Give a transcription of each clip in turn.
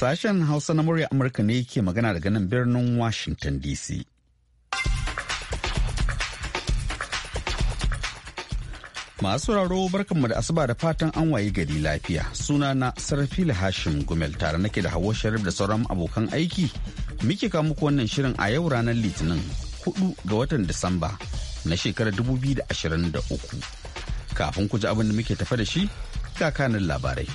Sashen Hausa na murya Amurka ne ke magana daga nan birnin Washington DC. Masu sauraro barkanmu da asuba da fatan an wayi gari lafiya. Suna na Sarfila Hashim Gumel tare nake da Hawwa Sharif da sauran abokan aiki. Muke kawo muku wannan shirin a yau ranar Litinin 4 ga watan Disamba na shekarar 2023. Kafin ku ji abin da muke tafa da shi, kakanin labarai.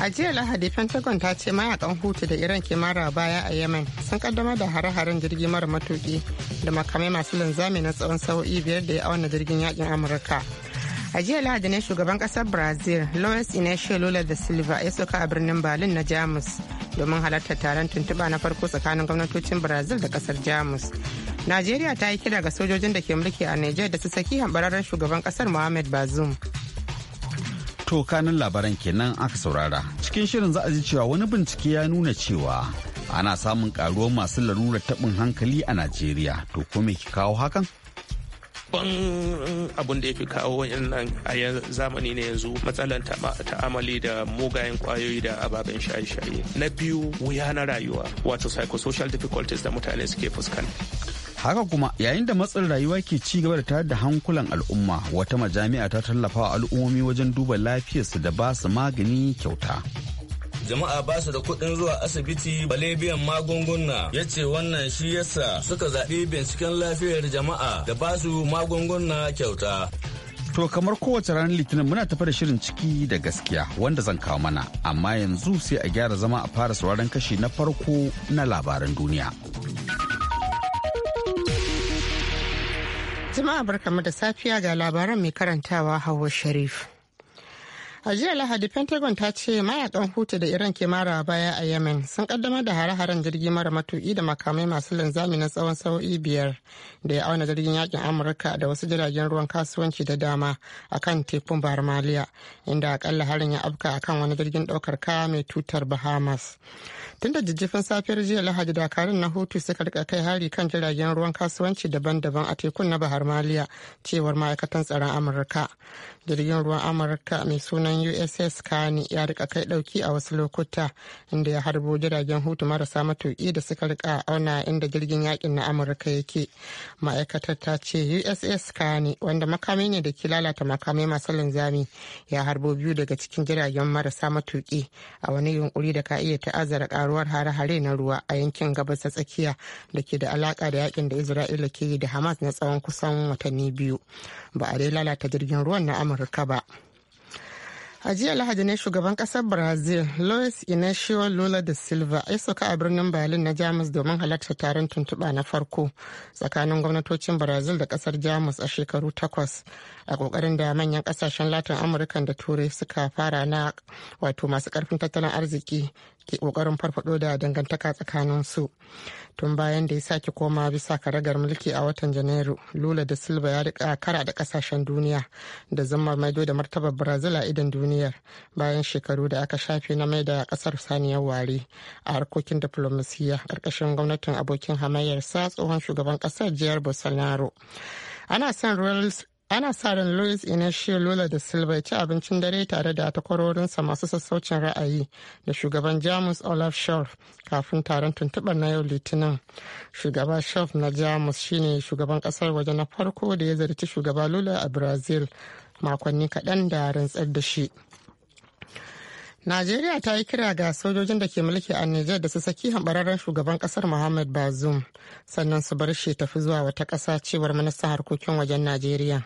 a jiya lahadi pentagon ta ce mayakan hutu da iran ke mara baya a yemen sun kaddamar da hare-haren jirgi mara matuki da makamai masu linzami na tsawon sa'o'i biyar da ya auna jirgin yakin amurka a jiya lahadi ne shugaban kasar brazil lois inacio lula da silva ya soka a birnin berlin na jamus domin halartar taron tuntuɓa na farko tsakanin gwamnatocin brazil da kasar jamus najeriya ta yi kira ga sojojin da ke mulki a niger da su saki hambararren shugaban kasar mohamed bazoum To kanin labaran kenan aka saurara. Cikin shirin za a ji cewa wani bincike ya nuna cewa ana samun karuwar masu larurar taɓin hankali a Najeriya. To ko me ke kawo hakan? Ban abun da ya fi kawo wannan a zamani ne yanzu matsalar ta'amali da mugayen kwayoyi da ababen shaye-shaye. Na biyu wuya na rayuwa wato psychosocial difficulties da mutane suke fuskanta. haka kuma yayin da matsin rayuwa ke ci gaba da tayar da hankulan al'umma wata majami'a ta tallafa wa al'ummomi wajen duba lafiyarsu da ba su magani kyauta jama'a ba su da kuɗin zuwa asibiti bale biyan magunguna ya ce wannan shi yasa suka zaɓi binciken lafiyar jama'a da ba su magunguna kyauta To kamar kowace ranar litinin muna tafi da shirin ciki da gaskiya wanda zan kawo mana amma yanzu sai a gyara zama a fara sauraron kashi na farko na labaran duniya. Jama'a barkamu da safiya ga labaran mai karantawa Hauwa Sharif. a jiya lahadi pentagon ta ce mayakan hutu da iran ke mara baya a yemen sun kaddamar da hare-haren jirgi mara matuki da makamai masu linzami na tsawon sa'o'i biyar da ya auna jirgin yakin amurka da wasu jiragen ruwan kasuwanci da dama a kan tekun bahar maliya inda akalla harin ya afka akan wani jirgin daukar kaya mai tutar bahamas tun da jijjifin safiyar jiya lahadi dakarun na hutu suka rika kai hari kan jiragen ruwan kasuwanci daban-daban a tekun na bahar maliya cewar ma'aikatan tsaron amurka jirgin ruwan amurka mai sunan uss kani ya rika kai dauki a wasu lokuta inda ya harbo jiragen hutu marasa matuki da suka rika auna inda jirgin yakin na amurka yake ma'aikatar ta ce uss kani wanda makami ne da ke lalata makamai masu linzami ya harbo biyu daga cikin jiragen marasa matuki a wani yunkuri da ka iya ta'azzara karuwar hare-hare na ruwa a yankin gabas ta tsakiya da ke da alaka da yakin da isra'ila ke yi da hamas na tsawon kusan watanni biyu ba a dai lalata jirgin ruwan na amurka amurka ba a jiya lahadi ne shugaban kasar brazil luis inacio lula da silva ya sauka a birnin berlin na jamus domin halarta taron tuntuɓa na farko tsakanin gwamnatocin brazil da kasar jamus a shekaru takwas a kokarin da manyan kasashen latin amurka da turai suka fara na wato masu karfin tattalin arziki ke kokarin farfado da dangantaka tsakanin su tun bayan da ya sake koma bisa karagar mulki a watan janairu lula da silva ya rika kara da kasashen duniya da zama maido da martabar brazil a idan duniyar bayan shekaru da aka shafe na mai da kasar saniyar ware a harkokin diplomasiya karkashin gwamnatin abokin hamayyar sa tsohon shugaban kasar jihar bolsonaro ana son ana sa ran luis inacio lula da silva ya ci abincin dare tare da takwarorinsa masu sassaucin ra'ayi da shugaban jamus olaf scholz kafin taron tuntuɓar na yau litinin shugaba scholz na jamus shine shugaban ƙasar waje na farko da ya zarci shugaba lula a brazil makonni kaɗan da rantsar da shi Najeriya ta yi kira ga sojojin da ke mulki a Nijar da su saki hambararren shugaban kasar Muhammad Bazoum sannan su bar shi tafi zuwa wata ƙasa cewar ministan harkokin wajen Najeriya.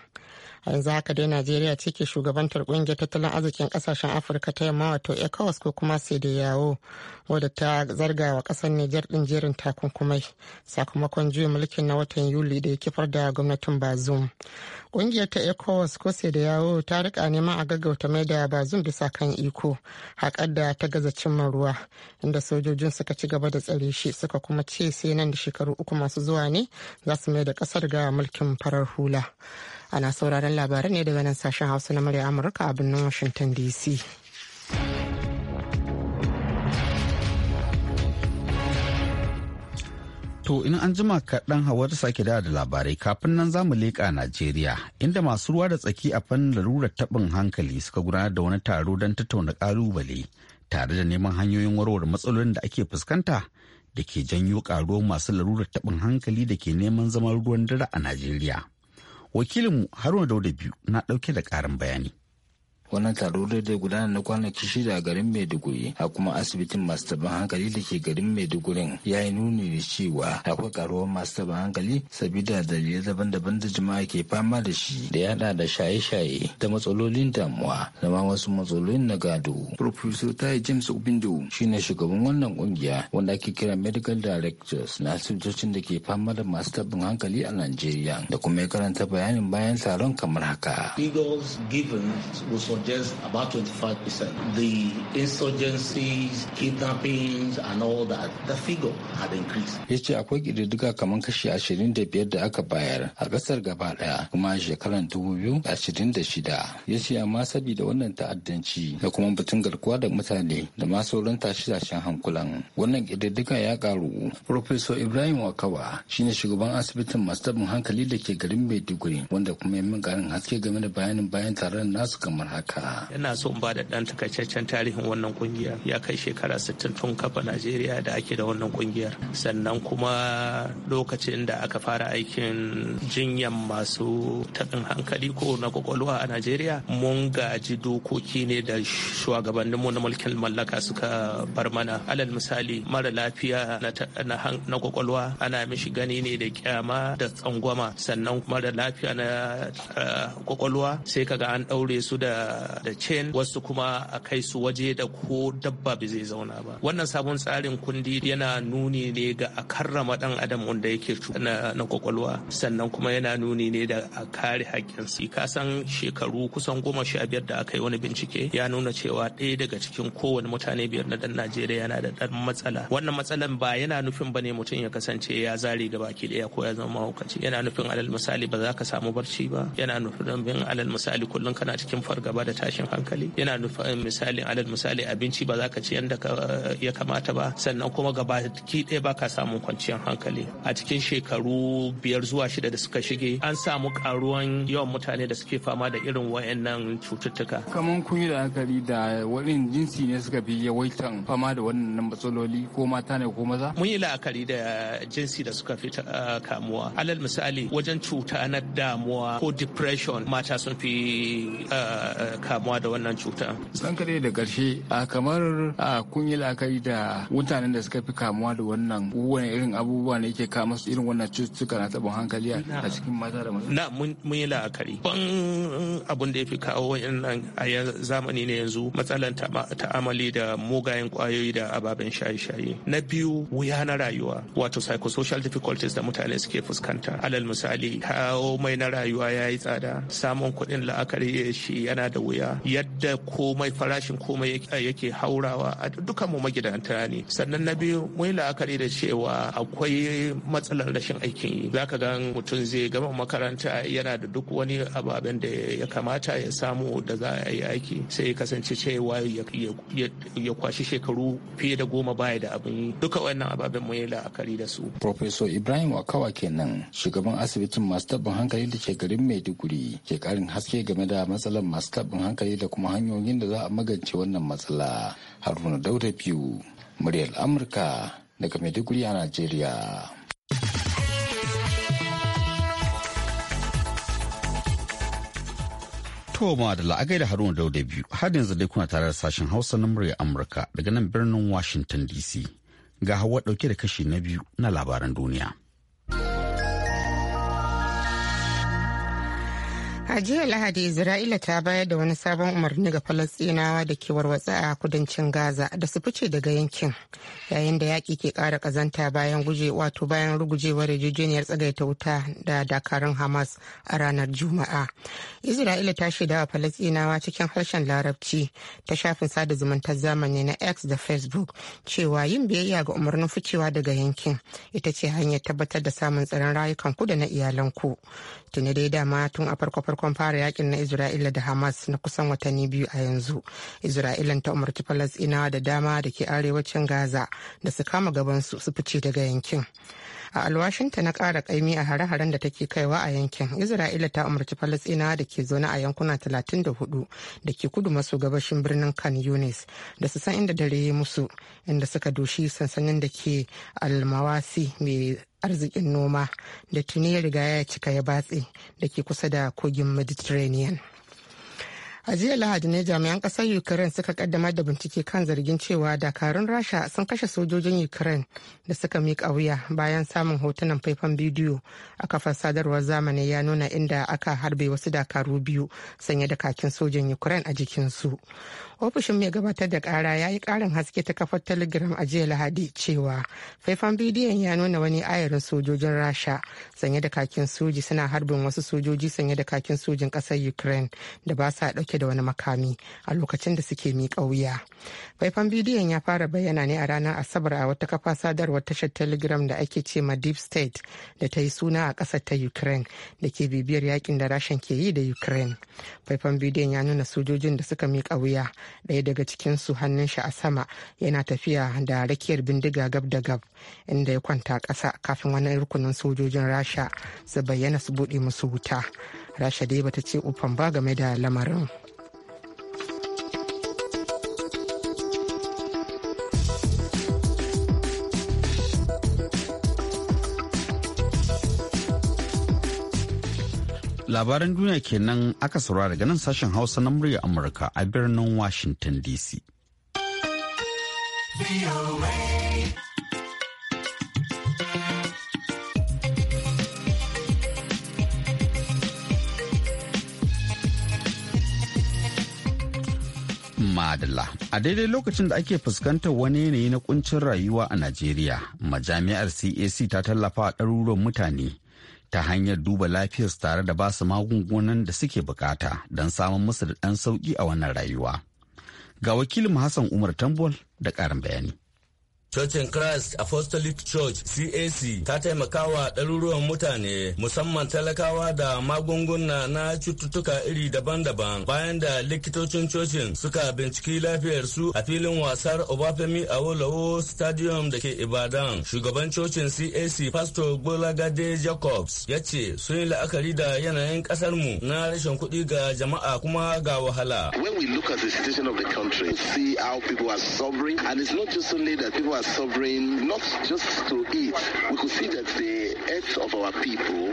a yanzu haka dai najeriya ce ke shugabantar kungiyar tattalin arzikin kasashen afirka ta yamma wato ecowas ko kuma yawo wadda ta zarga wa kasar nijar din jerin takunkumai sakamakon juyin mulkin na watan yuli da ya kifar da gwamnatin bazum kungiyar ta ecowas ko yawo ta rika neman a gaggauta mai da bazum bisa kan iko haƙar da ta gaza cimma ruwa inda sojojin suka ci gaba da tsare shi suka kuma ce sai nan da shekaru uku masu zuwa ne za su mai da kasar ga mulkin farar hula ana sauraron labarai ne daga nan sashen hausa na murya amurka a birnin washington dc To in an jima kaɗan hawa ta sake da labarai kafin nan zamu leƙa Najeriya inda masu ruwa da tsaki a fannin larurar taɓin hankali suka gudanar da wani taro don tattauna ƙalubale tare da neman hanyoyin warware matsalolin da ake fuskanta da ke janyo ƙaruwar masu larurar taɓin hankali da ke neman zaman ruwan dare a Najeriya. wakilinmu haruna dauda biyu na dauke da ƙarin bayani wannan taro da zai gudana na kwanaki shida a garin maiduguri a kuma asibitin masu taban hankali da ke garin Maiduguri. ya yi nuni da cewa akwai karuwar masu taban hankali sabida dalilai daban-daban da jama'a ke fama da shi da ya da shaye-shaye da matsalolin damuwa da ma wasu matsalolin na gado. Professor Tai James Obindo ne shugaban wannan kungiya wanda ake kira Medical Directors na asibitocin da ke fama da masu tabin hankali a Najeriya da kuma ya karanta bayanin bayan taron kamar haka. Figures given will just about 25%. The insurgencies, kidnappings, and all that, the figure had increased. Ya ce akwai ƙididdiga kamar kashi ashirin da biyar da aka bayar a ƙasar gaba ɗaya kuma dubu biyu ashirin da shida Ya ce amma sabida wannan ta'addanci da kuma batun garkuwa da mutane da ma sauran tashe-tashen hankulan. Wannan ƙididdiga ya ƙaru. Profesor Ibrahim Wakawa shine shugaban asibitin masu tabin hankali da ke garin Maiduguri wanda kuma ya min ƙarin haske game da bayanin bayan taron nasu kamar haka. haka yana so in ba da ɗan takaitaccen tarihin wannan kungiyar ya kai shekara 60 tun kafa Najeriya da ake da wannan kungiyar sannan kuma lokacin da aka fara aikin jinyan masu taɓin hankali ko na kwakwalwa a Najeriya mun gaji dokoki ne da shugabanninmu na mulkin mallaka suka bar mana alal misali mara lafiya na kwakwalwa ana mishi gani ne da kyama da tsangwama sannan mara lafiya na kwakwalwa eh, sai kaga an ɗaure su da da chain wasu kuma a kai su waje da ko dabba ba zai zauna ba wannan sabon tsarin kundi yana nuni ne ga a karrama dan adam wanda yake na kwakwalwa sannan kuma yana nuni ne da a kare su ka san shekaru kusan goma sha biyar da aka yi wani bincike ya nuna cewa ɗaya daga cikin kowane mutane biyar na dan najeriya yana da dan matsala wannan matsalan ba yana nufin ba ne mutum ya kasance ya zare ga baki ɗaya ko ya zama mahaukaci yana nufin alal misali ba za ka samu barci ba yana nufin alal misali kullum kana cikin fargaba da da tashin hankali yana nufin eh, misalin alal misali abinci ba za ka ci yadda ya kamata ba sannan kuma gaba ki ɗaya ba ka samun kwanciyar hankali a cikin shekaru biyar zuwa shida da suka shige an samu karuwan yawan mutane da suke fama da irin wayannan cututtuka kamar kun yi la'akari da wani jinsi ne suka fi yawaitan fama da wannan matsaloli ko mata ne ko maza mun yi la'akari da jinsi da suka fi eh, kamuwa alal misali wajen cuta na damuwa ko depression mata sun fi eh, kamuwa da wannan cuta. San kare da ƙarshe a kamar a kun yi la'akari da mutanen da suka fi kamuwa da wannan wani irin abubuwa ne ke kama su irin wannan cututtuka na tabon hankali a cikin mata da maza. Na mun yi la'akari. Ban abun da ya fi kawo wannan a zamani ne yanzu matsalan ta'amali da mugayen kwayoyi da ababen shaye-shaye. Na biyu wuya na rayuwa wato psychosocial difficulties da mutane suke fuskanta. Alal misali kawo mai na rayuwa ya yi tsada samun kuɗin la'akari shi yana da wuya yadda komai farashin komai yake haurawa a dukan mu magidanta ne sannan na biyu mu yi la'akari da cewa akwai matsalar rashin aikin yi zaka ga mutum zai gama makaranta yana da duk wani ababen da ya kamata ya samu da za a yi aiki sai ya kasance cewa ya kwashi shekaru fiye da goma baya da abin yi duka wannan ababen mu yi la'akari da su professor ibrahim wakawa kenan shugaban asibitin masu tabbin hankali da ke garin maiduguri ke karin haske game da matsalar masu taɓin hankali da kuma hanyoyin da za a magance wannan matsala haruna dauda biyu muryar amurka daga maiduguri a najeriya Toma da la'agai da Haruna Dauda biyu har yanzu dai kuna tare da sashen Hausa na murya Amurka daga nan birnin Washington DC. Ga hawa dauke da kashi na biyu na labaran duniya. A jiya Lahadi Isra'ila ta bayar da wani sabon umarni ga Falasɗinawa da ke warwatsa a kudancin Gaza da su fice daga yankin yayin da yaƙi ke ƙara ƙazanta bayan guje wato bayan rugujewar yarjejeniyar tsagaita wuta da dakarun Hamas a ranar Juma'a. Isra'ila ta shaida wa Falasɗinawa cikin harshen Larabci ta shafin sada zumuntar zamani na X da Facebook cewa yin biyayya ga umarnin ficewa daga yankin ita ce hanyar tabbatar da samun tsaron rayukan ku da na iyalanku. tuni dai dama tun a farko farkon fara yakin na isra'ila da hamas na kusan watanni biyu a yanzu isra'ilan ta umarci falasɗinawa da dama da ke arewacin gaza da su kama gaban su su fice daga yankin a alwashinta na kara kaimi a hare-haren da take kaiwa a yankin isra'ila ta umarci falasɗinawa da ke zaune a yankuna 34 da ke kudu maso gabashin birnin kan yunis da su san inda dare musu inda suka doshi sansanin da ke almawasi mai arzikin noma da tuni ya riga ya cika ya batse da ke kusa da kogin mediterranean a jiya lahadi ne jami'an kasar ukraine suka kaddamar da bincike kan zargin cewa dakarun rasha sun kashe sojojin ukraine da suka miƙa wuya bayan samun hotunan faifan bidiyo a kafar sadarwar zamani ya nuna inda aka harbe wasu dakaru biyu sanye da kakin sojin ukraine a jikinsu ofishin mai gabatar da kara ya yi karin haske ta kafar telegram a jiya lahadi cewa faifan bidiyon ya nuna wani ayarin sojojin rasha sanye da kakin soji suna harbin wasu sojoji sanye da kakin sojin kasar ukraine da ba sa dauke da wani makami a lokacin da suke miƙa wuya faifan bidiyon ya fara bayyana ne a ranar asabar a wata kafa sadarwar tashar telegram da ake ce ma deep state da ta yi suna a ƙasar ta ukraine da ke bibiyar yakin da rashin ke yi da ukraine faifan bidiyon ya nuna sojojin da suka miƙa wuya ɗaya daga cikin su hannun shi a sama yana tafiya da rakiyar bindiga gab da gab inda ya kwanta ƙasa kafin wani rukunin sojojin rasha su bayyana su buɗe musu wuta rasha dai bata ce ufan ba game da lamarin labaran duniya kenan aka saurara daga nan sashen hausa na murya amurka a birnin washington dc. Madalla. A daidai lokacin da ake fuskantar wani yanayi na kuncin rayuwa a Najeriya, majami'ar CAC ta tallafa ɗaruruwan mutane ta hanyar duba lafiyarsu tare da basu magungunan da suke bukata don samun musu da ɗan sauƙi a wannan rayuwa. Ga wakilin Hassan Umar Tambol da ƙarin bayani. Churchin Christ Apostolic Church CAC ta taimakawa ɗaruruwan mutane musamman talakawa da magunguna na cututtuka iri daban-daban bayan da likitocin cocin suka binciki lafiyarsu a filin wasar Obafemi Awolowo Stadium da ke Ibadan. Shugaban cocin CAC Pastor Gbolagade Jacobs ya ce sun yi la'akari da yanayin mu na rashin kuɗi ga jama'a kuma ga wahala. When we look at the situation of the country, see how people are suffering and it's not just only that people are are sovereign not just to eat. We could see that the health of our people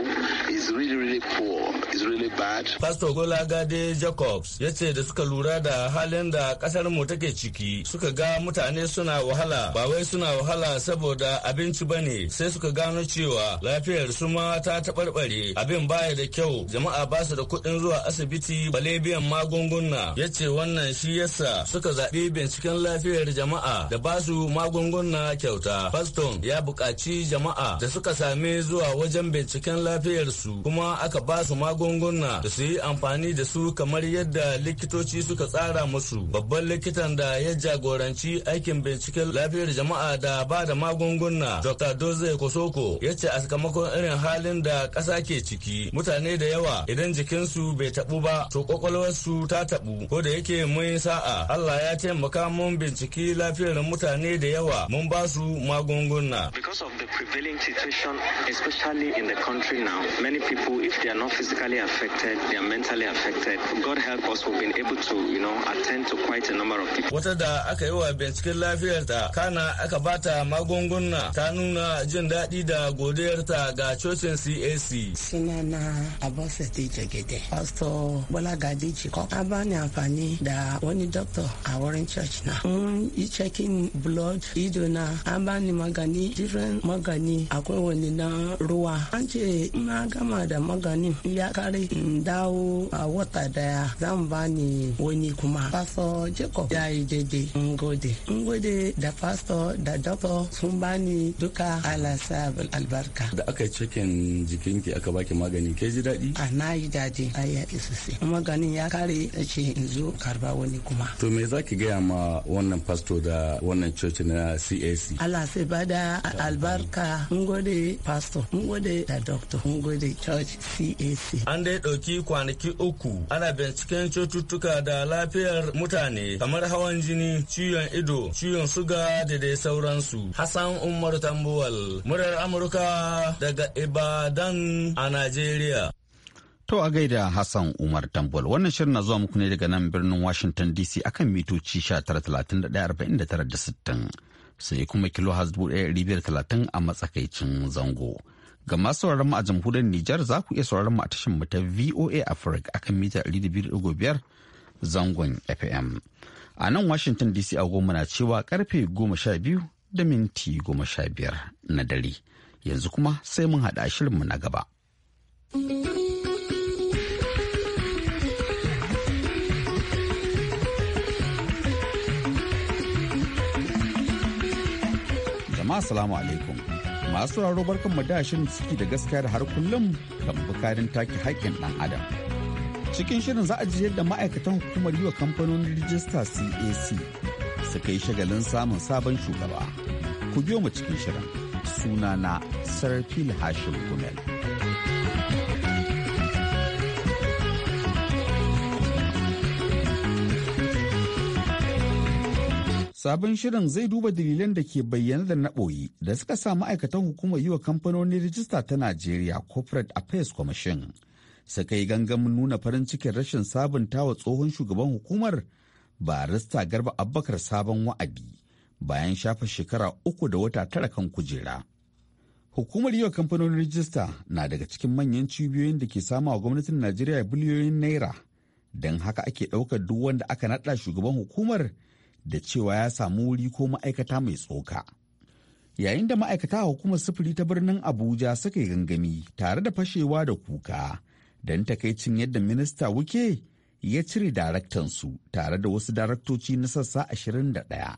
is really, really poor, is really bad. Pastor Golagade Jacobs ya ce da suka lura da halin da kasar mu take ciki suka ga mutane suna wahala ba wai suna wahala saboda abinci ba ne sai suka gano cewa lafiyar su ma ta taɓarɓare abin baya da kyau jama'a ba su da kuɗin zuwa asibiti bale biyan magunguna ya ce wannan shi yasa suka zaɓi binciken lafiyar jama'a da ba su magunguna na kyauta. Faston ya buƙaci jama'a da suka sami zuwa wajen binciken lafiyarsu kuma aka ba su magunguna da su yi amfani da su kamar yadda likitoci suka tsara musu. Babban likitan da ya jagoranci aikin binciken lafiyar jama'a da ba da magunguna Dr. Doze Kosoko ya ce a sakamakon irin halin da ƙasa ke ciki mutane da yawa idan jikinsu bai taɓu ba to kwakwalwarsu ta taɓu ko da yake mun sa'a Allah ya taimaka mun binciki lafiyar mutane da yawa mun ba su magunguna. Because of the prevailing situation, especially in the country now, many people, if they are not physically affected, they are mentally affected. God help us, we've been able to, you know, attend to quite a number of people. Wata da aka yi wa binciken lafiyarta, kana aka bata magunguna, ta nuna jin daɗi da godiyarta ga cocin CAC. Sunana Abosati Jagede, Pastor Bola Gadeji, an ni amfani da wani doctor a wurin church na. Mun yi checking blood, ido na an bani magani different magani akwai wani na ruwa an ce na gama da magani ya kare in dawo a wata daya zan bani wani kuma pastor jacob ya yi jeje in gode in gode da pastor da doctor sun bani duka alasa albarka da aka cikin jikinki aka baki magani ke ji daɗi a na yi daɗi a ya sosai maganin ya kare ce in zo karba wani kuma to me ki gaya ma wannan pastor da wannan coci na CAC. Allah sai bada albarka ngode pastor ngode da doctor ngode church CAC. An dai ɗauki kwanaki uku ana binciken cututtuka da lafiyar mutane kamar hawan jini, ciwon ido, ciwon suga da dai sauransu. Hassan Umar Tambuwal, murar Amurka daga Ibadan a Najeriya. To a gaida Hassan Umar Tambol wannan shirin na zuwa muku ne daga nan birnin Washington DC akan mitoci 1931 da sittin sai kuma kilo biyar talatin a matsakaicin zango. Ga masu sauraron mu a jamhuriyar Nijar za ku iya sauraron mu a tashin mu ta VOA Africa akan mita biyar zangon FM. A nan Washington DC a goma na cewa karfe goma sha biyu da minti goma sha biyar na dare. Yanzu kuma sai mun haɗa mu na gaba. jama'a salamu alaikum masu sauraro barkan mu da shirin ciki da gaskiya da har kullum kan bukarin take haƙƙin dan adam cikin shirin za a ji yadda ma'aikatan hukumar yi wa kamfanonin rijista cac suka yi shagalin samun sabon shugaba ku biyo mu cikin shirin sunana sarfil hashim gumel Sabon shirin zai duba dalilan da ke bayyana da na da suka sa ma'aikatan hukumar yi wa kamfanonin rijista ta Najeriya Corporate Affairs Commission suka yi gangamin nuna farin cikin rashin sabunta wa tsohon shugaban hukumar barista garba abbakar sabon wa'adi bayan shafa shekara uku da wata tara kan kujera. Hukumar yiwa kamfanonin rijista na daga cikin manyan cibiyoyin da ke sama wa gwamnatin Najeriya biliyoyin naira. Don haka ake ɗaukar duk wanda aka naɗa shugaban hukumar da cewa ya samu wuri ko ma'aikata mai tsoka. Yayin da ma'aikata a hukumar sufuri ta birnin Abuja suka yi gangami tare da fashewa da kuka don takaicin yadda minista wuke ya cire daraktansu tare da wasu daraktoci na sassa 21.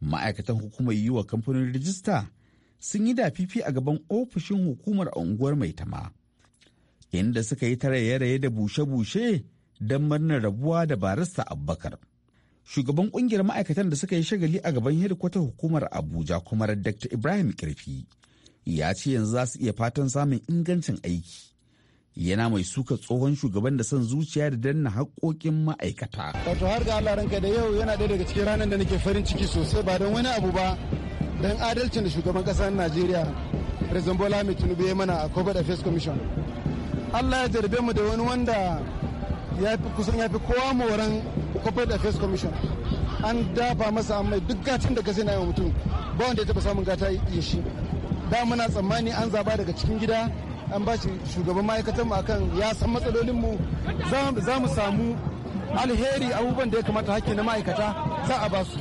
Ma'aikatan hukumar yi wa kamfanin rijista sun yi dafifi a gaban ofishin hukumar unguwar mai tama inda suka yi ta raye da bushe-bushe don murnar rabuwa da barista Abubakar. shugaban kungiyar ma'aikatan da suka yi shagali a gaban hedikwatar hukumar abuja kuma dr ibrahim kirfi ya ce yanzu za su iya fatan samun ingancin aiki yana mai suka tsohon shugaban da son zuciya da danna haƙoƙin ma'aikata. wato har ga allah ranka da yau yana ɗaya daga cikin ranar da nake farin ciki sosai ba don wani abu ba don adalcin da shugaban ƙasar najeriya president bola mai ya mana a da affairs commission allah ya jarbe mu da wani wanda ya fi kusan ya fi kowa moran corporate affairs commission an dafa masa mai duk gatin da gazi na wa mutum ba wanda ya taba samun gata ya shi da muna tsammani an zaba daga cikin gida an ba shi shugaban ma'aikatanmu akan ya san matsalolinmu za mu samu alheri abubuwan da ya kamata hakki na ma'aikata za a ba su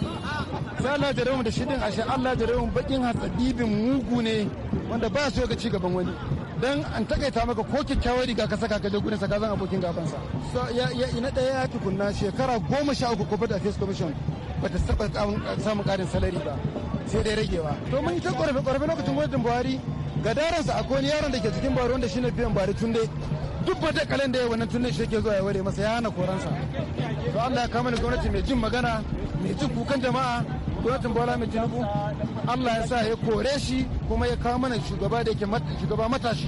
sai Allah jaramu da shidin ashe Allah jaramu bakin dibin mugu ne wanda ba su ga ci gaban wani dan an takaita maka ko kyakkyawar riga ka saka ka je gurin sa ka zan abokin gabansa na daya ya tukunna shekara goma sha uku corporate affairs commission bata saba samun karin salari ba sai dai ragewa to mun yi ta korafe korafe lokacin gwamnatin buhari ga daransa akwai wani yaron da ke cikin buhari wanda shine biyan buhari tunde duk ba kalan da ya wannan tunde shi yake zuwa ya ware masa ya hana koransa to Allah ya kama ni gwamnati mai jin magana mai jin kukan jama'a gwamnatin bola mai tinubu Allah ya sa ya kore shi kuma ya kawo mana shugaba da yake shugaba matashi.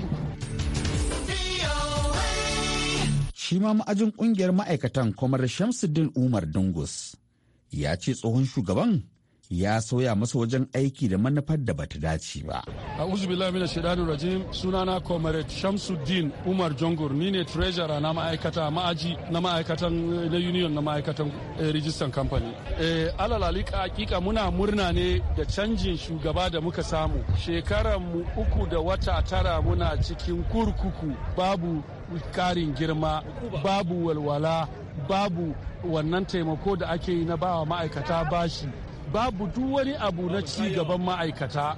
Shi ma ma'ajin kungiyar ma'aikatan kwamar Shamsuddin Umar Dungus ya ce tsohon shugaban ya soya masa wajen aiki da manufar da bata dace ba. A uzubillahi mina shaidanir rajim sunana Comrade Shamsuddin Umar Jongor, ni ne treasurer na ma'aikata ma'aji na ma'aikatan na union na ma'aikatan eh, company. kamfani. Eh, alal alika hakika muna murna ne da canjin shugaba da muka samu. Shekaran mu uku da wata tara muna cikin kurkuku babu karin girma babu walwala babu wannan taimako da ake yi na bawa ma'aikata bashi babu duk wani abu na ci gaban ma'aikata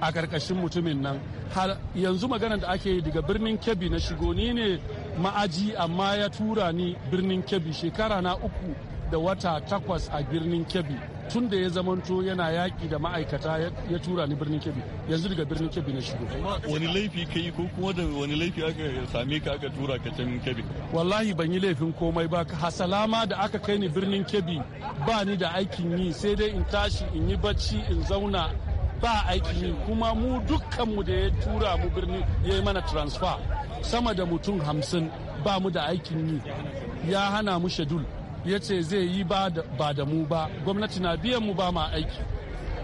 a ƙarƙashin mutumin nan har yanzu maganar da ake yi daga birnin kebbi na shigo ni ne ma'aji amma ya tura ni birnin kebbi shekara na uku da wata takwas a birnin kebbi tun da ya zamanto yana yaƙi da ma'aikata ya tura ni birnin kebbi yanzu daga birnin kebbi na shigo wani laifi ka yi ko kuma da wani laifi aka same ka aka tura ka can kebbi wallahi ban yi laifin komai ba hasalama da aka kai ni birnin kebbi ba ni da aikin yi sai dai in tashi in yi bacci in zauna ba aikin yi kuma mu dukkanmu da ya tura mu birni ya yi mana transfer sama da mutum hamsin ba mu da aikin yi ya hana mu shedul ya ce zai yi ba da mu ba gwamnati na biyan mu ba ma aiki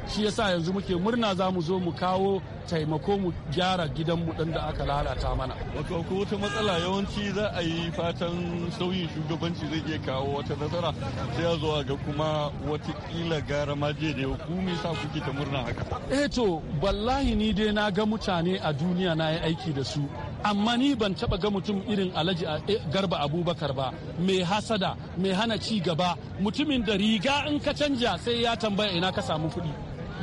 shi yasa yanzu muke murna za mu zo mu kawo taimako mu gyara gidan mu ɗin da aka lalata mana. Wato ko wata matsala yawanci za a yi fatan sauyin shugabanci zai iya kawo wata nasara sai ya zo ga kuma watakila gara ma da ku me sa kuke ta murna haka. Eh to wallahi ni dai na ga mutane a duniya na yi aiki da su amma ni ban taba ga mutum irin alhaji eh, garba abubakar ba mai hasada mai hana ci gaba mutumin da riga in ka canja sai ya tambaya ina ka samu kuɗi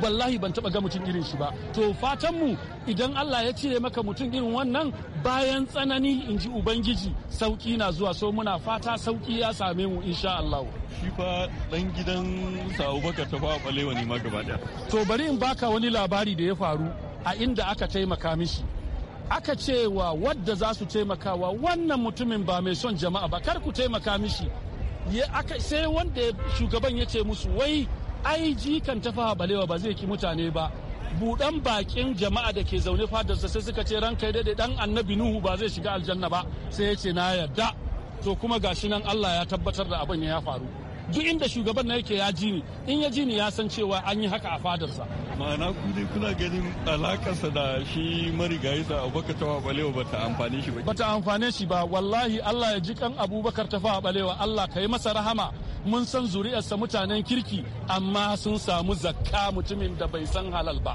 wallahi ban taba ga mutum irin shi ba to fatanmu idan allah ya cire maka mutum irin wannan bayan tsanani in ji ubangiji sauki na zuwa so muna fata sauki ya same mu insha allah shi fa dan gidan sa'u baka ta fa balewa ne ma gaba daya. to bari in baka wani labari da ya faru a inda aka taimaka mishi aka cewa wadda za su taimakawa wannan mutumin ba mai son jama'a ba kar ku taimaka mishi sai wanda shugaban ya ce musu wai ai kan tafa balewa ba zai ki mutane ba budan bakin jama'a da ke zaune fadarsa sai suka ce kai daidai dan annabi nuhu ba zai shiga aljanna ba sai ya ce na yarda to kuma gashi nan allah ya tabbatar da abin ya faru duk inda shugaban na yake ya ji ni in ya ji ni ya san cewa an yi haka a fadarsa ma'ana ku dai kuna ganin alakarsa da shi marigayi da abubakar tafa balewa ba ta amfane shi ba ba ta amfane shi ba wallahi allah ya ji kan abubakar tafa balewa allah ka yi masa rahama mun san zuri'arsa mutanen kirki amma sun samu zakka mutumin da bai san halal ba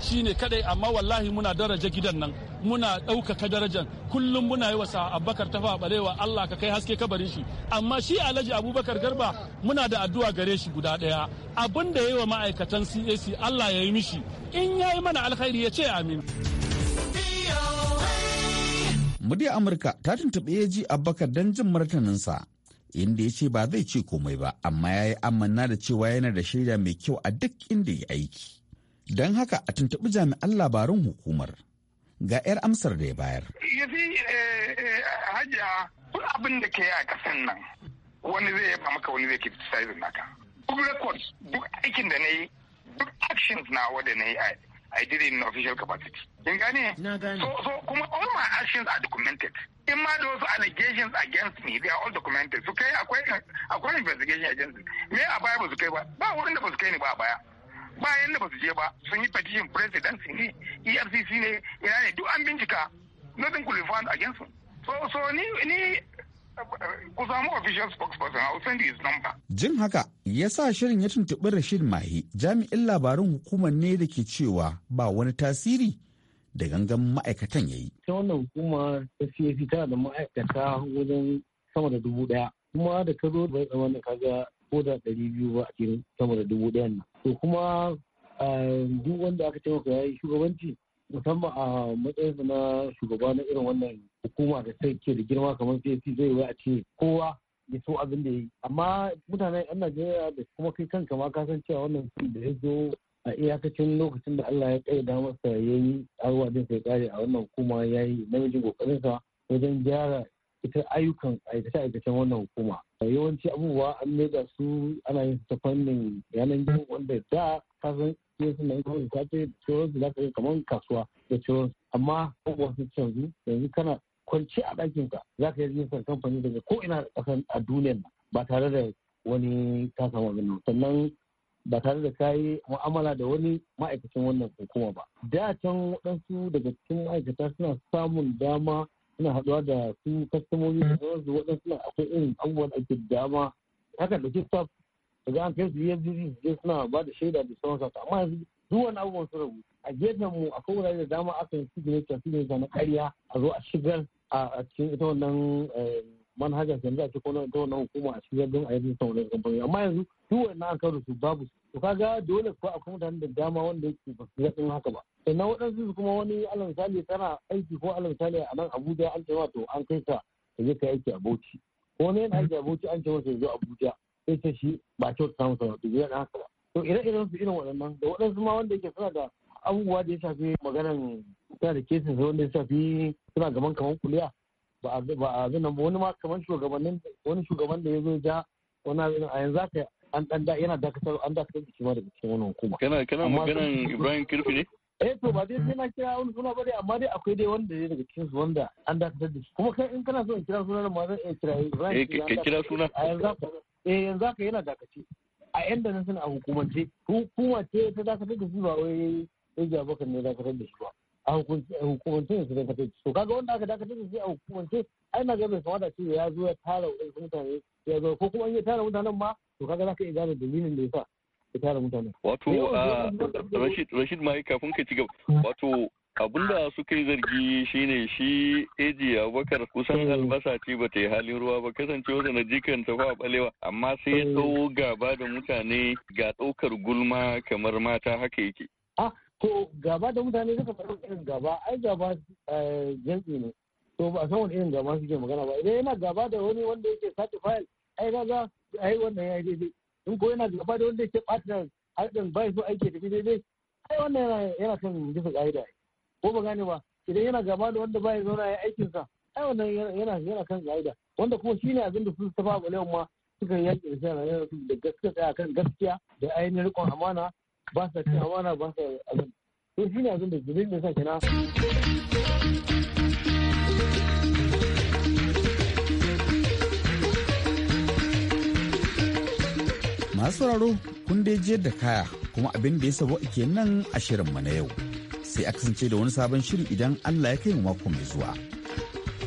shine kadai amma wallahi muna daraja gidan nan muna ɗaukaka darajan kullum muna yi wasa abubakar tafa barewa Allah ka kai haske ka bari shi amma shi alhaji abubakar garba muna da addu'a gare shi guda ɗaya abin da ya yi wa ma'aikatan cac Allah ya yi mishi in ya yi mana alkhairi ya ce amin. Muryar Amurka ta tuntuɓe ya ji abubakar don jin martaninsa inda ya ce ba zai ce komai ba amma ya yi amanna da cewa yana da shaida mai kyau a duk inda ya aiki. Don haka a tuntuɓi jami'an labarun hukumar. Ga 'yar amsar da ya bayar. Yafi eh, eh, hajiya abin da ke a kasan nan wani zai yaba maka wani zai criticize naka. Duk records duk aikin da na yi duk actions na wanda na yi I did it in official capacity. Kin gane? Na gane. So, so kuma all my actions are documented. In ma da wasu allegations against me, they are all documented. Su kai akwai akwai investigation against me. Me a baya ba su kai ba. Ba wurin da ba su kai ni ba a baya. bayan da ba su je ba sun yi petition president ne efcc ne ina ne duk an bincika nothing could be found against him so so ni ni ku samu official spokesperson a send his number jin haka ya sa shirin ya tuntuɓi rashid mahi jami'in labarin hukumar ne da ke cewa ba wani tasiri da gangan ma'aikatan ya yi. Ta wannan hukuma ta CAC tana da ma'aikata wajen sama da dubu daya Kuma da ka zo bai zama da kaga ko da ɗari biyu ba a cikin sama da dubu ɗayan nan. to kuma duk wanda aka taimaka ya yi shugabanci musamman a matsayinsa na shugaba na irin wannan hukuma da sai ke da girma kamar CAC zai yi a ce kowa ya so abin da ya yi amma mutanen yan Najeriya da kuma kai kanka ma kasan cewa wannan da ya zo a iyakacin lokacin da Allah ya kaida masa ya yi arwa din sai kare a wannan hukuma ya yi namijin kokarinsa wajen gyara ita ayyukan aikace-aikacen wannan hukuma yawanci abubuwa an maida su ana yin ta fannin yanar gizo wanda da kasan sai suna yin kawai ce ciwon su zaka yi kamar kasuwa da ciwon amma abubuwa sun canzu yanzu kana kwanci a ɗakinka za ka yi rijistar kamfani daga ko ina ƙasan a duniyar ba tare da wani kasa samu sannan ba tare da kayi mu'amala da wani ma'aikacin wannan hukuma ba da can waɗansu daga cikin ma'aikata suna samun dama suna haɗuwa da su kastamomi da su waɗanda suna akwai irin abubuwan da ake dama haka da da za a kai su yanzu e je suna ba da shaida da sauransu amma yanzu duk wani abubuwan su rabu a gefen mu a kowane da dama aka yi signature signature na ƙarya a zo a shigar a cikin ita wannan eh, manhajar yanzu a cikin ita wannan hukuma a shigar don a yi sauran kamfani amma yanzu duk wani an kawo su babu su to kaga dole ko akwai mutanen da dama wanda yake ba su yatsun haka ba sannan waɗansu su kuma wani alal misali tana aiki ko alal misali a nan abuja an ce to an kai ka ka je ka aiki a bauchi ko ne yana aiki a bauchi an ce masa zo abuja sai ta shi ba kyautu samu sa to yana haka ba to ire-iren su irin waɗannan da waɗansu ma wanda yake suna da abubuwa da ya shafi maganan suna da kesin sai wanda ya shafi suna gaban kamar kuliya ba a zanen ba wani ma kamar shugabannin wani shugaban da ya zo ja wani a yanzu haka an dan da yana dakatar an dakatar da shi ma daga cikin wannan hukuma kana kana maganan Ibrahim Kirfi ne eh to ba dai sai na kira wani suna ba amma dai akwai dai wanda dai daga cikin su wanda an dakatar da shi kuma kai in kana so in kira sunan ma zan iya kira Ibrahim eh kira suna a yanzu eh yanzu haka yana dakace a yan nan suna a hukumance hukuma ce ta dakatar da shi ba wai sai bakan ne dakatar da shi ba a hukumance ne su dakatar da shi to kaga wanda aka dakatar da shi a hukumance ai na ga bai kamata ce ya zo ya tara wadansu mutane ya zo ko kuma in ya tara mutanen ma to kaga zaka iya gane dalilin da yasa ya tara mutane wato ah, Rashid Rashid mai kafin ka ci gaba wato abinda suka yi zargi shine shi eji abubakar kusan eh. albasa ce ba ta yi halin ruwa ba wata na jikan ta ba balewa amma sai ya eh. tsawo gaba da mutane ga ɗaukar gulma kamar mata haka yake ah, to gaba da mutane suka faru irin gaba ai gaba eh, jantsi ne to ba san wani irin gaba suke magana ba idan yana gaba da wani wanda yake sati file ai kaga ai wannan ya daidai in ko yana gaba da wanda ke ɓata harɗin ba su aiki da daidai ai wannan yana kan bisa ƙa'ida ko ba gane ba idan yana gaba da wanda ba ya zauna ya aikin sa ai wannan yana yana kan ƙa'ida wanda kuma shine abin da su ta fa balewan ma suka yaƙi da sai su da gaskiya tsaya kan gaskiya da ainihin riƙon amana ba sa cin amana ba sa abin to shine abin da zubin da sa kina. na sauraro kun dai jiyar da kaya kuma abin da ya sabo ake nan a shirinmu na yau sai a kasance da wani sabon shiri idan Allah ya kai mu mako mai zuwa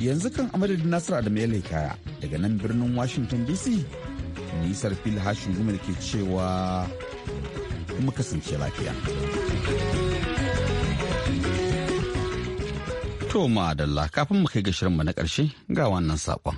yanzu kan amadadin nasiru adamu ya kaya daga nan birnin washington dc nisar fil hashin gumi da ke cewa kuma kasance lafiya to madalla kafin mu kai ga shirinmu na karshe ga wannan saƙon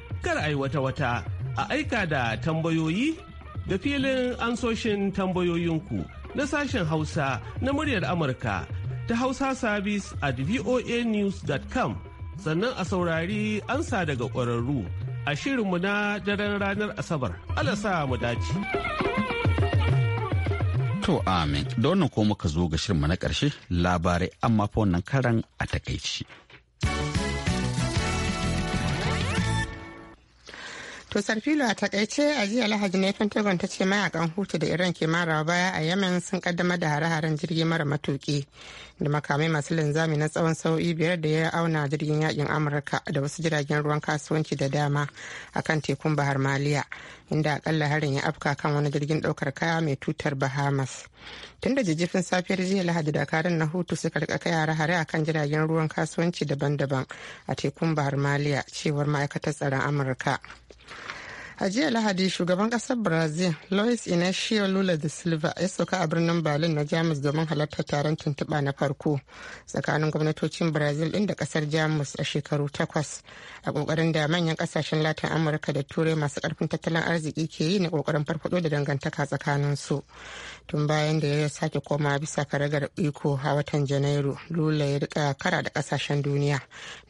kar a yi wata-wata a aika da tambayoyi da filin ansoshin tambayoyinku na sashen hausa na muryar amurka ta hausa service at voanews.com sannan a saurari ansa daga kwararru a shirinmu na daren ranar asabar alasa mu dace. To amin, da wannan ko muka zo ga shirinmu na ƙarshe labarai amma fa wannan karan a takaici. To Sarfilo a takaice a jiya Lahadi ne Pentagon ta ce mayakan hutu da Iran ke marawa baya a Yemen sun kaddamar da hare-haren jirgi mara matuki da makamai masu linzami na tsawon sau'i biyar da ya auna jirgin yakin Amurka da wasu jiragen ruwan kasuwanci da dama a kan tekun Bahar Maliya inda akalla harin ya afka kan wani jirgin daukar kaya mai tutar Bahamas. Tun da jijjifin safiyar jiya Lahadi dakarun na hutu suka rika kai hare-hare akan jiragen ruwan kasuwanci daban-daban a tekun Bahar Maliya cewar ma'aikatar tsaron Amurka. a jiya lahadi shugaban kasar brazil luis inacio lula da silva ya sauka a birnin berlin na jamus domin halartar taron tuntuɓa na farko tsakanin gwamnatocin brazil ɗin da kasar jamus a shekaru takwas a ƙoƙarin da manyan ƙasashen latin amurka da turai masu ƙarfin tattalin arziki ke yi na kokarin farfaɗo da dangantaka tsakanin su tun bayan da ya sake koma bisa karagar iko a watan janairu lula ya rika kara da ƙasashen duniya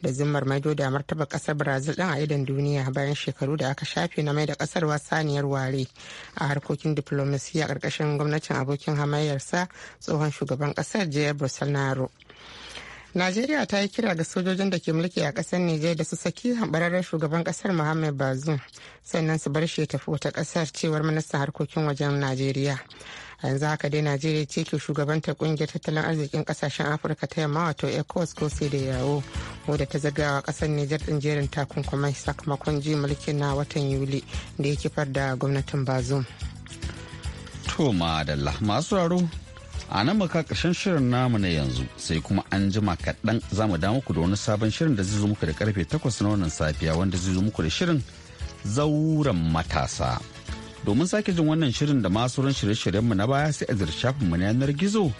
da zimmar maido da martaba ƙasar brazil ɗin a idon duniya bayan shekaru da aka shafe na mai da kasar saniyar ware a harkokin diplomasiya karkashin gwamnatin abokin hamayyarsa tsohon shugaban kasar jair bolsonaro najeriya ta yi kira ga sojojin da ke mulki a kasar nijar da su saki hambararren shugaban kasar muhammad bazoum sannan su bar shi tafi wata kasar cewar ministan harkokin wajen najeriya a yanzu haka dai najeriya ce ke shugabantar kungiyar tattalin arzikin kasashen afirka ta yamma wato ecos ko sai da yawo wadda ta zagawa kasar Nijar din jerin takunkumai sakamakon ji mulki na watan Yuli da ya kifar da gwamnatin Bazum. To madalla masu raro a nan muka karshen shirin namu na yanzu sai kuma an jima kaɗan za mu damu ku da wani sabon shirin da zai zo muku da karfe takwas na wannan safiya wanda zai zo muku da shirin zauren matasa. Domin sake jin wannan shirin da masu ran shirye-shiryenmu na baya sai a shafin mu na yanar gizo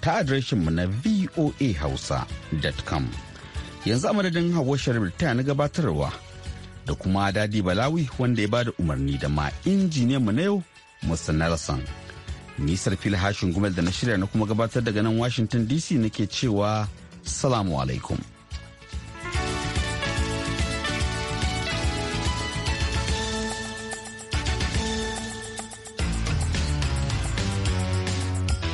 ta adireshinmu na voahausa.com. yanzu a madadin hawa sharif ta na gabatarwa da kuma dadi balawi wanda ya bada umarni da ma injiniyan mu na yau musa nelson nisar fil hashin gumel da na shirya na kuma gabatar daga nan washington dc nake cewa salamu alaikum